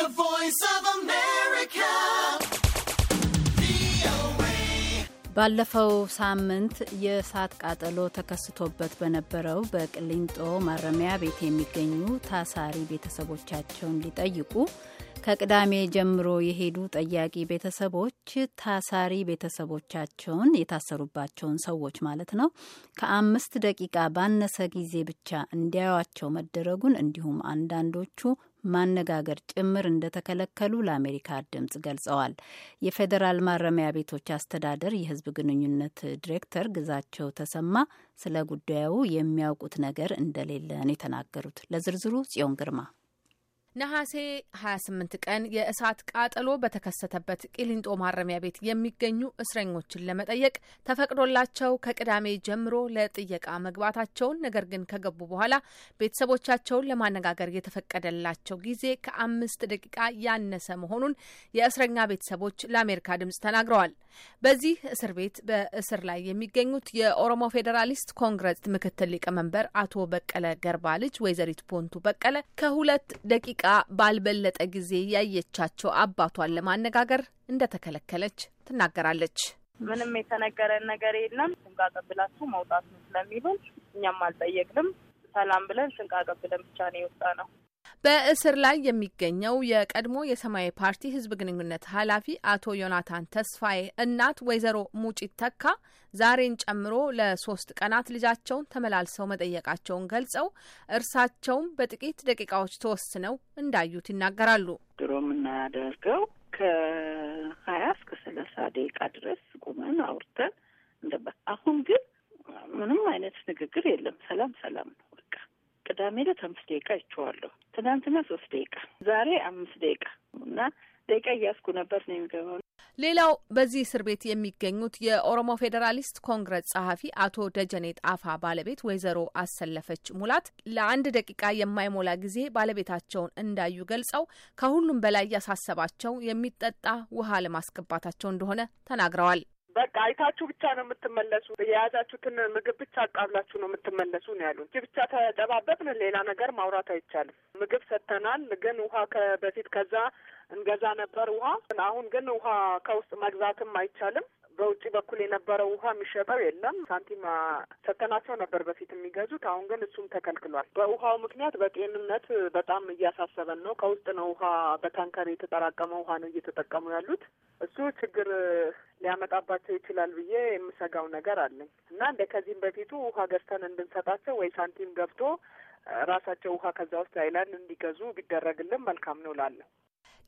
The Voice of America. ባለፈው ሳምንት የእሳት ቃጠሎ ተከስቶበት በነበረው በቅሊንጦ ማረሚያ ቤት የሚገኙ ታሳሪ ቤተሰቦቻቸውን ሊጠይቁ ከቅዳሜ ጀምሮ የሄዱ ጠያቂ ቤተሰቦች ታሳሪ ቤተሰቦቻቸውን የታሰሩባቸውን ሰዎች ማለት ነው ከአምስት ደቂቃ ባነሰ ጊዜ ብቻ እንዲያዩቸው መደረጉን እንዲሁም አንዳንዶቹ ማነጋገር ጭምር እንደተከለከሉ ለአሜሪካ ድምጽ ገልጸዋል። የፌዴራል ማረሚያ ቤቶች አስተዳደር የህዝብ ግንኙነት ዲሬክተር ግዛቸው ተሰማ ስለ ጉዳዩ የሚያውቁት ነገር እንደሌለ ነው የተናገሩት። ለዝርዝሩ ጽዮን ግርማ ነሐሴ 28 ቀን የእሳት ቃጠሎ በተከሰተበት ቂሊንጦ ማረሚያ ቤት የሚገኙ እስረኞችን ለመጠየቅ ተፈቅዶላቸው ከቅዳሜ ጀምሮ ለጥየቃ መግባታቸውን ነገር ግን ከገቡ በኋላ ቤተሰቦቻቸውን ለማነጋገር የተፈቀደላቸው ጊዜ ከአምስት ደቂቃ ያነሰ መሆኑን የእስረኛ ቤተሰቦች ለአሜሪካ ድምጽ ተናግረዋል። በዚህ እስር ቤት በእስር ላይ የሚገኙት የኦሮሞ ፌዴራሊስት ኮንግረስ ምክትል ሊቀመንበር አቶ በቀለ ገርባ ልጅ ወይዘሪት ቦንቱ በቀለ ከሁለት ደቂቃ ባልበለጠ ጊዜ ያየቻቸው አባቷን ለማነጋገር እንደተከለከለች ትናገራለች። ምንም የተነገረን ነገር የለም። ስንቃ ቀብላችሁ መውጣት ነው ስለሚሉን እኛም አልጠየቅንም። ሰላም ብለን ስንቅ አቀብለን ብቻ ነው የወጣ ነው። በእስር ላይ የሚገኘው የቀድሞ የሰማያዊ ፓርቲ ህዝብ ግንኙነት ኃላፊ አቶ ዮናታን ተስፋዬ እናት ወይዘሮ ሙጪት ተካ ዛሬን ጨምሮ ለሶስት ቀናት ልጃቸውን ተመላልሰው መጠየቃቸውን ገልጸው እርሳቸውም በጥቂት ደቂቃዎች ተወስነው እንዳዩት ይናገራሉ። ድሮ የምናደርገው ከሀያ እስከ ሰላሳ ደቂቃ ድረስ ቁመን አውርተን እንደበት አሁን ግን ምንም አይነት ንግግር የለም። ሰላም ሰላም ነው። ቅዳሜ ዕለት አምስት ደቂቃ ይችዋለሁ። ትናንትና ሶስት ደቂቃ፣ ዛሬ አምስት ደቂቃ እና ደቂቃ እያስኩ ነበር ነው የሚገባው። ሌላው በዚህ እስር ቤት የሚገኙት የኦሮሞ ፌዴራሊስት ኮንግረስ ጸሐፊ አቶ ደጀኔ ጣፋ ባለቤት ወይዘሮ አሰለፈች ሙላት ለአንድ ደቂቃ የማይሞላ ጊዜ ባለቤታቸውን እንዳዩ ገልጸው ከሁሉም በላይ ያሳሰባቸው የሚጠጣ ውሃ ለማስገባታቸው እንደሆነ ተናግረዋል። በቃ አይታችሁ ብቻ ነው የምትመለሱ፣ የያዛችሁትን ምግብ ብቻ አቃብላችሁ ነው የምትመለሱ ነው ያሉን። ብቻ ተጨባበጥን፣ ሌላ ነገር ማውራት አይቻልም። ምግብ ሰጥተናል፣ ግን ውሃ በፊት ከዛ እንገዛ ነበር ውሃ። አሁን ግን ውሃ ከውስጥ መግዛትም አይቻልም። በውጭ በኩል የነበረው ውሃ የሚሸጠው የለም። ሳንቲም ሰተናቸው ነበር በፊት የሚገዙት። አሁን ግን እሱም ተከልክሏል። በውሃው ምክንያት በጤንነት በጣም እያሳሰበን ነው። ከውስጥ ነው ውሃ በታንከር የተጠራቀመ ውሃ ነው እየተጠቀሙ ያሉት። እሱ ችግር ሊያመጣባቸው ይችላል ብዬ የምሰጋው ነገር አለኝ እና እንደ ከዚህም በፊቱ ውሃ ገዝተን እንድንሰጣቸው ወይ ሳንቲም ገብቶ ራሳቸው ውሃ ከዛ ውስጥ አይላንድ እንዲገዙ ቢደረግልን መልካም ነው ላለሁ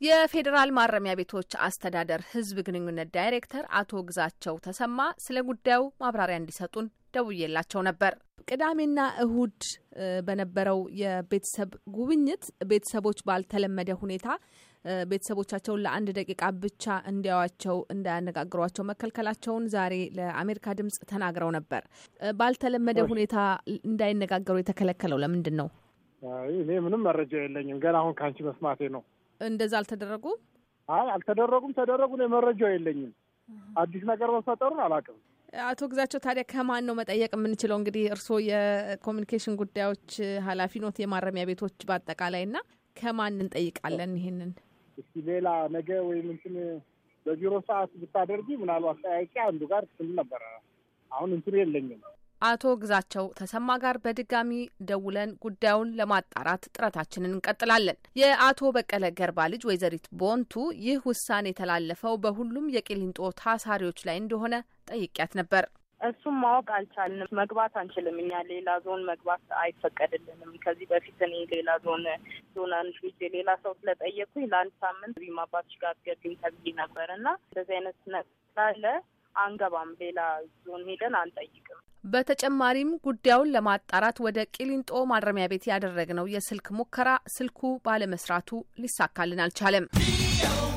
የፌዴራል ማረሚያ ቤቶች አስተዳደር ህዝብ ግንኙነት ዳይሬክተር አቶ ግዛቸው ተሰማ ስለ ጉዳዩ ማብራሪያ እንዲሰጡን ደውዬላቸው ነበር። ቅዳሜና እሁድ በነበረው የቤተሰብ ጉብኝት ቤተሰቦች ባልተለመደ ሁኔታ ቤተሰቦቻቸውን ለአንድ ደቂቃ ብቻ እንዲያዋቸው እንዳያነጋግሯቸው መከልከላቸውን ዛሬ ለአሜሪካ ድምጽ ተናግረው ነበር። ባልተለመደ ሁኔታ እንዳይነጋገሩ የተከለከለው ለምንድን ነው? እኔ ምንም መረጃ የለኝም። ገና አሁን ከአንቺ መስማቴ ነው። እንደዛ አልተደረጉም? አይ አልተደረጉም፣ ተደረጉ ነው መረጃው የለኝም። አዲስ ነገር መፈጠሩን አላውቅም። አቶ ግዛቸው ታዲያ ከማን ነው መጠየቅ የምንችለው? እንግዲህ እርስዎ የኮሚኒኬሽን ጉዳዮች ኃላፊ ኖት፣ የማረሚያ ቤቶች በአጠቃላይ እና ከማን እንጠይቃለን ይሄንን? እስቲ ሌላ ነገ ወይም እንትን በቢሮ ሰዓት ብታደርጊ ምናልባት ጠያቂ አንዱ ጋር ስል ነበረ። አሁን እንትን የለኝም። አቶ ግዛቸው ተሰማ ጋር በድጋሚ ደውለን ጉዳዩን ለማጣራት ጥረታችንን እንቀጥላለን። የአቶ በቀለ ገርባ ልጅ ወይዘሪት ቦንቱ ይህ ውሳኔ የተላለፈው በሁሉም የቂሊንጦ ታሳሪዎች ላይ እንደሆነ ጠይቂያት ነበር። እሱም ማወቅ አልቻልንም። መግባት አንችልም። እኛ ሌላ ዞን መግባት አይፈቀድልንም። ከዚህ በፊት እኔ ሌላ ዞን ዞን ልጅ ሌላ ሰው ስለጠየቅኩኝ ለአንድ ሳምንት ቢማባት ጋር ገድኝ ተብዬ ነበር እና እንደዚህ አይነት ስላለ አንገባም፣ ሌላ ዞን ሄደን አንጠይቅም። በተጨማሪም ጉዳዩን ለማጣራት ወደ ቂሊንጦ ማረሚያ ቤት ያደረግነው የስልክ ሙከራ ስልኩ ባለመስራቱ ሊሳካልን አልቻለም።